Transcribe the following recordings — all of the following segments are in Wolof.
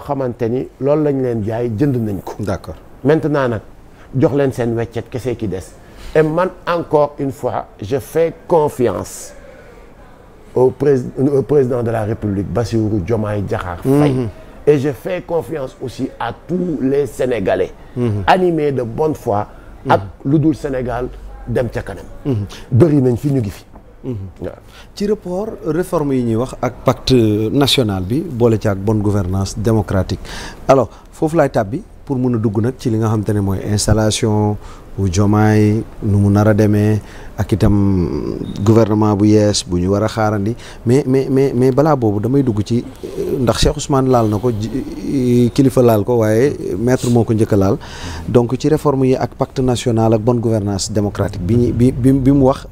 xamante ni loolu lañ leen jaay jënd nañ ko. d'accord maintenant nag jox leen seen weccet kese ki des et man encore une fois je fais confiance au président de la République Bassirou Diomaye Diakhar Faye. Mm -hmm. et je confiance aussi à tous les Sénégalais. Mm de bonne foi. ak mhm. lu dul Sénégal dem ca kanam. Mhm. bëri nañ fi ñu ngi fi. waaw mm-hmm. ci rapport réforme yi ñuy wax ak pacte national bi boole ci ak bonne gouvernance democratique alors foofu laay tàbbi pour mun a dugg nag ci li nga xam te ne mooy installation bu jomaay nu mu nar a demee ak itam gouvernement bu yees bu ñu war a xaarandi mais mais mais mais balaa boobu damay dugg ci euh, ndax Cheikh Ousmane laal na ko euh, kilifa laal ko waaye metre moo ko njëkk laal donc ci reforme yi ak pacte national ak bonne gouvernance démocratique bi bi bi mu wax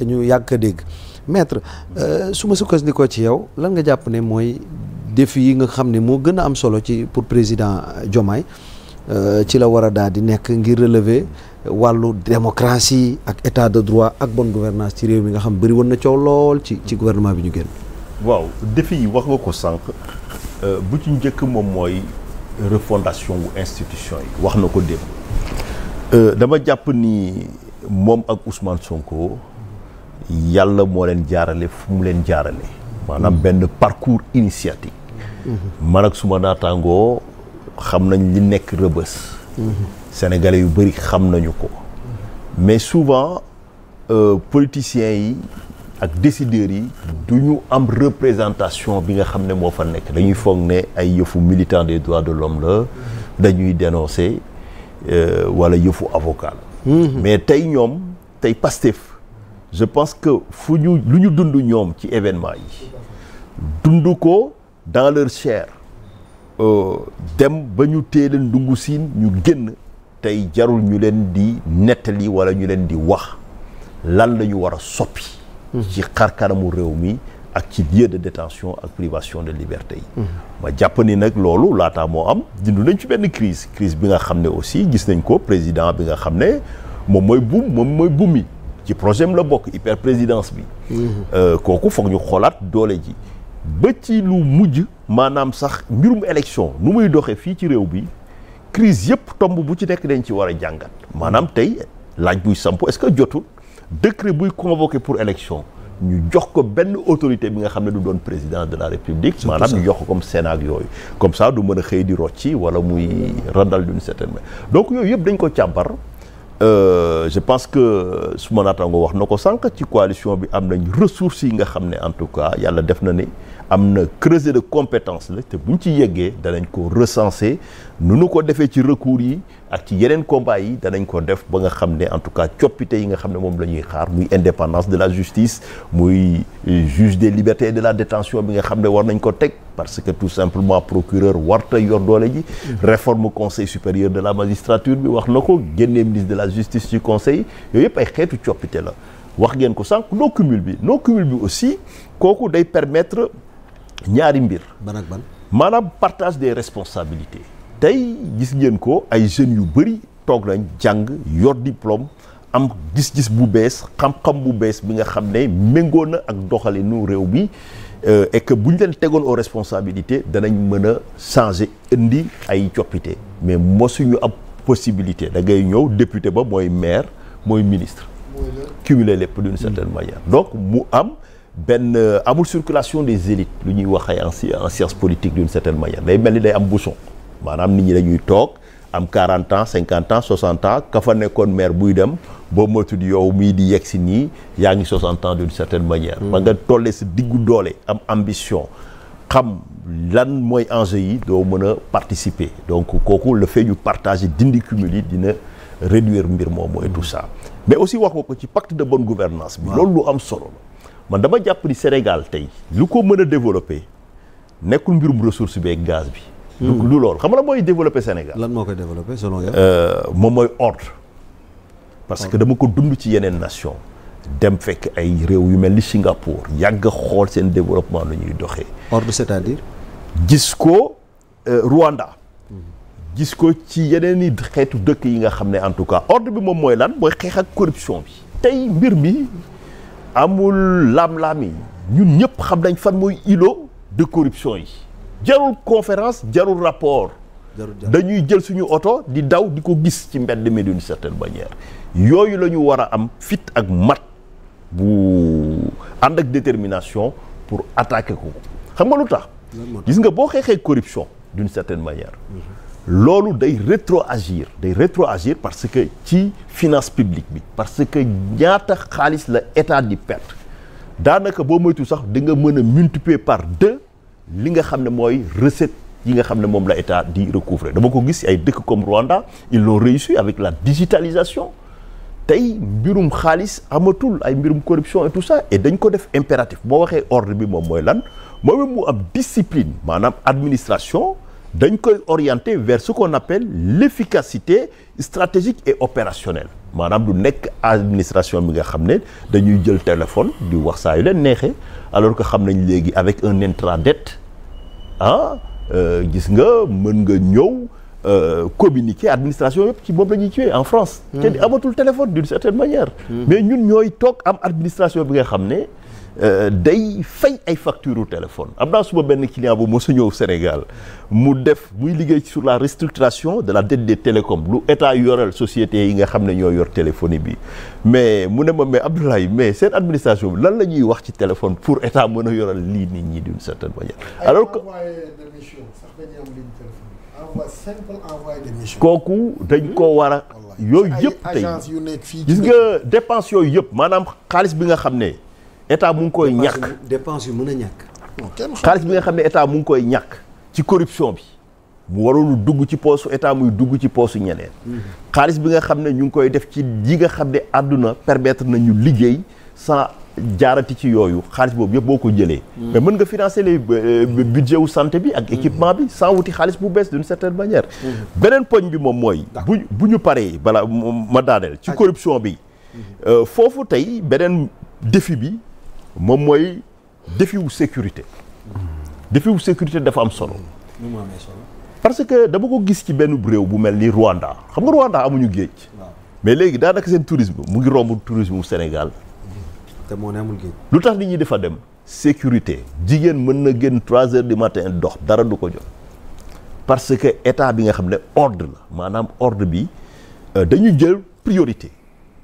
dañu yàgg ko dégg maître euh, su ma sukkandikoo ci yow lan nga jàpp ne mooy défi yi nga xam ne moo gën a am solo ci pour président Diomaye euh, ci la war a daal di nekk ngir relever wàllu démocratie ak état de droit ak bonne gouvernance ci réew mi nga xam bëri woon na coow lool ci ci gouvernement bi ñu génn. waaw defi yi wax nga ko sànq euh, bu ci njëkk moom mooy refondation bu institution yi wax na ko démb dama jàpp ni moom ak Ousmane Sonko. yàlla moo leen jaarale fu mu leen jaarale maanaam mm-hmm. benn parcours initiatique mm-hmm. man ak suma naataangoo xam nañ li nekk rëbës mm-hmm. sénégalais yu bëri xam nañu ko mais souvent euh, politiciens yi ak décideurs yi du ñu am représentation bi nga xam ne moo fa nekk dañuy foog ne ay yëfu militant des droits de l'homme la dañuy dénoncer euh, wala yëfu avocat la mais tey ñoom tey Pastef je pense que fu ñu lu ñu dund ñoom ci événement yi dund ko dans leur chair euh, dem ba ñu téye leen ndungu siin ñu génn tey jarul ñu leen di nettali wala ñu leen di wax lan la ñu war a soppi hmm. ci karamu réew mi ak ci lieu de détention ak privation de liberté yi hmm. ma jàpp nag loolu laataa moo am dund nañ ci benn crise crise bi nga xam ne aussi gis nañ ko président bi nga xam ne moom mooy buum moom mooy bumi ci projet am la bokk hyper présidence bi. Mhm. Euh, kooku foog ñu xoolaat doole ji. ba ci lu mujj maanaam sax mbirum élection nu muy doxee fii ci réew bi crise yëpp tomb bu ci nekk dañ ci war a jàngat. maanaam tey laaj buy samp est-ce que jotul décret buy convoqué pour election ñu jox ko benn autorité bi nga xam ne du doon président de la république. maanaam ñu jox ko comme Sénat ak yooyu. comme ça du mën a xëy di rocci wala muy randal d'une certaine manière donc yooyu yëpp dañ ko càmbar. Euh, je pense que su ma naataangoo wax na ko sànq ci coalition bi am nañ ressources yi nga xam ne en tout cas yàlla def na ni am na creuset de compétence la te buñ ci yeggee danañ ko recenser nu nu ko defee ci recours yi ak ci yeneen combat yi danañ ko def ba nga xam ne en tout cas coppite yi nga xam ne moom la ñuy xaar muy indépendance de la justice muy eh, juge des libertés et de la détention bi nga xam ne war nañ ko teg parce que tout simplement procureur warta yor doole ji réforme conseil supérieur de la magistrature bi wax na ko génnee ministre de la justice su conseil yooyu yëpp ay xeetu coppite la wax ngeen ko sànq non cumul bi non cumul bi aussi kooku day permettre ñaari mbir ban ak ban maanaam partage des responsabilités tey gis ngeen ko ay jeunes yu bëri toog nañ jàng yor diplôme am gis-gis bu bees xam-xam bu bees bi nga xam ne méngoo na ak doxalinu réew bi euh, et que bu ñu leen tegoon aux responsabilités danañ mën a changer indi ay coppite mais suñu am possibilité da ngay ñëw député ba mooy maire mooy ministre cumuler lépp d'une certaine manière donc mu am benn amul circulation des élites lu ñuy wax ay en science politique d'une certaine manière day mel ni day am bouchon maanaam nit ñi dañuy toog am 40 ans 50 ans 60 ans ka fa nekkoon maire buy dem boo matud yow mii di yegg si nii yaa ngi 60 ans d'une certaine manière. Hmm. ba nga tollee sa diggu doole am ambition. xam lan mooy enjeu yi doo mën a participer donc kooku le fait ñu partager dindi cumul yi dina réduire mbir moom mooy tout ça mais aussi wax nga ko ci pacte de bonne gouvernance bi loolu lu am solo la man dama jàpp ni Sénégal tey lu ko mën a développer nekkul mbirum ressource bi ak gaz bi Hmm. lu lool xam nga mooy développé Sénégal. lan moo koy développé selon euh, moom mooy ordre. parce que dama ko dund ci yeneen nation dem fekk ay réew yu mel ni Singapour yàgg a xool seen développement lu ñuy doxee. ordre c'est-à-dire. gis ko euh, Rwanda. Hmm. gis ko ci yeneen i xeetu dëkk yi nga xam ne en tout cas ordre bi moom mooy lan mooy xeex ak corruption bi. tey mbir mi amul laam-laam yi ñun ñëpp xam nañ fan mooy ilo de corruption yi. jarul conférence jarul rapport dañuy jël suñu oto di daw di ko gis ci mbedd mi d'une certaine manière yooyu la ñu war a am fit ak mat bu ànd ak détermination pour attaquer ko xam nga lu tax gis nga boo xeexee corruption d'une certaine manière loolu day rétroagir day rétroagir parce que ci finance publique bi parce que ñaata xaalis la état di perte daanaka boo moytu sax di nga mën a multiplier par deux li nga xam ne mooy recette yi nga xam ne moom la état di recouvrer dama ko gis ay dëkk comme Rwanda ils l'ont réussi avec la digitalisation tey mbirum xaalis amatul ay mbirum corruption et tout ça et dañ ko def impératif boo waxee ordre bi moom mooy lan mooy mu am discipline maanaam administration dañ koy orienter vers ce qu'on appelle l'efficacité stratégique et opérationnelle maanaam du nekk administration bi nga xam ne dañuy jël téléphone di wax saa yu leen neexee alors que xam nañ léegi avec un intranet ah euh, gis nga mën nga ñëw euh, communiquer administration yëpp ci moom la ñuy tuer en France. Hmm. kenn amatul téléphone d'une certaine manière. Hmm. mais ñun ñooy toog am administration bi nga xam ne. Euh, day fay ay facture téléphone am naa suba benn client bu mosu ñëw Sénégal mu def muy liggéey sur la restructuration de la dette des lu état yoral société yi nga xam ne ñoo yor téléphonie bi mais mu ne ma mais Abdoulaye mais seen administration bi lan la ñuy wax ci téléphone pour état mën a yoral lii nit ñi d'une certaine manière alors que kooku dañ ko war a yooyu yëpp tey gis nga dépense yooyu yëpp maanaam xaalis bi nga xam ne état mu ngi koy ñàkk dépense yu mën a ñàkk xaalis bi nga xam ne état mu ngi koy ñàkk ci corruption bi mu warul dugg ci poosu état muy dugg ci poosu ñeneen mm-hmm. xaalis bi nga xam ne ñu ngi koy def ci yi nga xam ne àdduna permettre nañu liggéey san jaarati ci yooyu xaalis boobu yëpp boo ko jëlee mm-hmm. mais mën nga financer les euh, bu wu santé bi ak mm-hmm. équipement bi san wuti xaalis bu bees d'une certaine manière beneen poñ bi moom mooy bu bu ñu paree bala ma daaneel ci corruption bi euh, foofu tey beneen défi bi moom mooy défi wu sécurité défi wu sécurité dafa am solo parce que dama ko gis ci benn bu réew bu mel ni Rwanda xam nga Rwanda amuñu géej mais léegi daanaka seen tourisme mu ngi romb tourisme wu Sénégal te moo ne amul lu tax nit ñi dafa dem sécurité jigéen mën na gën trois heures du matin dox dara du ko jot parce que état bi nga xam ne ordre la maanaam ordre bi euh, dañu jël priorité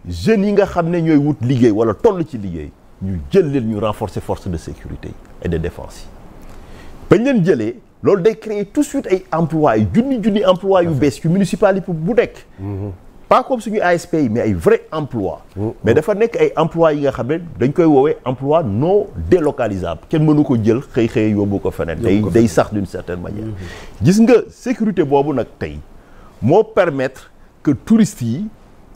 jeunes yi nga xam ne ñooy wut liggéey wala toll ci liggéey ñu jël leen ñu renforcer force de sécurité et de défense yi bañ leen jëlee loolu day créer tout suite ay emplois yu junni junni emplois yu bees yu municipalité bu nekk mhm. pas comme suñu ASP yi mais ay vrai emploi mhm. mais dafa nekk ay emploi yi nga xam ne dañ koy woowee emploi non délocalisable kenn mënu ko jël xëy xëy yóbbu ko feneen day day sax d'une certaine manière mhm. gis nga sécurité boobu nag tey moo permettre que touristes yi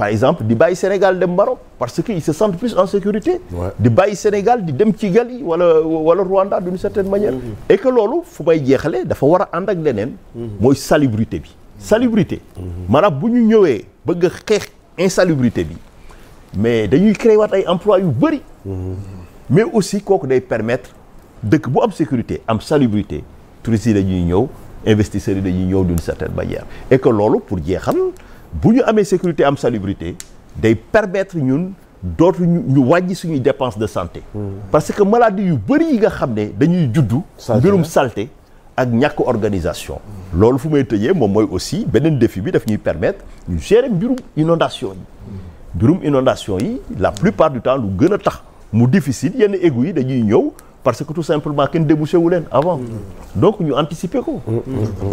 par exemple di bàyyi Sénégal dem Maroc parce que ils se sentent plus en sécurité di bàyyi Sénégal di dem ci Gali wala wala Rwanda d'une certaine manière mm-hmm. et que loolu fu may jeexale dafa war a ànd ak leneen mm-hmm. mooy salubrité bi salubrité mm-hmm. maanaam bu ñu ñëwee bëgg a xeex insalubrité bi mais dañuy créer ay emploi yu bëri mais aussi kooku day permettre dëkk bu am sécurité am salubrité touristes yi dañuy ñëw investisseurs yi dañuy ñëw d'une certaine manière et que loolu pour jeexal bu ñu amee sécurité am salubrité day permettre ñun dootu ñu wàññi suñuy dépense de santé hmm. parce que maladie yu bëri yi nga xam ne dañuy juddu mbirum salte ak ñàkk organisation loolu fu may tëjee moom mooy aussi beneen défi bi daf ñuy permettre ñu gérer mbirum inondation yi mbirum inondation yi la plupart du temps lu gën a tax mu difficile yenn égout yi dañuy ñëw parce que tout simplement kenn débouché wu leen avant donc ñu anticiper ko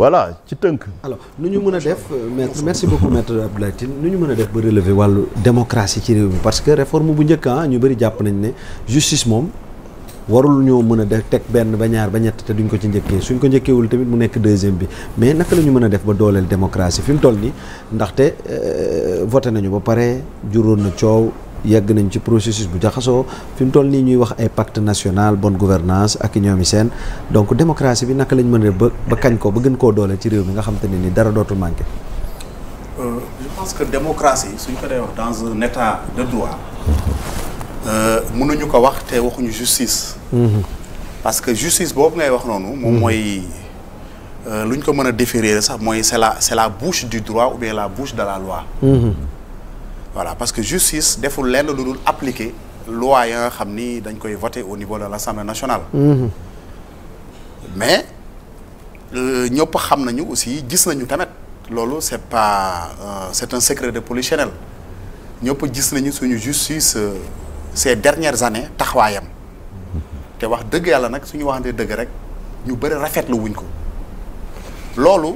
voilà ci tënk alors nu ñu mën a def euh, maître merci beaucoup maître Abdoulaye nu ñu mën a def ba relever wàllu démocratie ci réew mi parce que réforme bu njëkk ah ñu bëri jàpp nañ ne justice moom warul ñoo mën a def teg benn ba ñaar ba ñett te duñ ko ci njëkkee suñ ko njëkkeewul tamit mu nekk deuxième bi mais naka la ñu mën a def ba dooleel démocratie fi mu toll nii ndaxte euh, voté nañu ba pare juróon na coow yegg nañ ci processus bu jaxasoo fi mu toll nii ñuy wax ay pacte national bonne gouvernance ak ñoomi seen donc démocratie bi naka lañ mën a kañ ko ba gën koo doole ci réew mi nga xam te ni dara dootul manqué. Euh, je que démocratie suñ ko dee wax dans un état de euh, ko wax te waxuñu justice. Mm-hmm. parce que justice boobu ngay wax noonu. moom mm-hmm. mooy euh, lu ñu ko mën a déférer sax mooy c'est la c'est la bouche du droit ou bien la bouche de la loi. Mm-hmm. voilà parce que justice deful lenn lu dul appliquer loi ya nga xam ni dañ koy voter au niveau de l'Assemblée nationale. Mmh. mais euh, ñëpp xam nañu aussi gis nañu tamit loolu c'est pas euh, c'est un secret de polichinelle ñëpp gis nañu suñu justice euh, ces dernières années taxawaayam te wax dëgg yàlla nag suñu waxante dëgg rek ñu bëri rafetlu wuñ ko loolu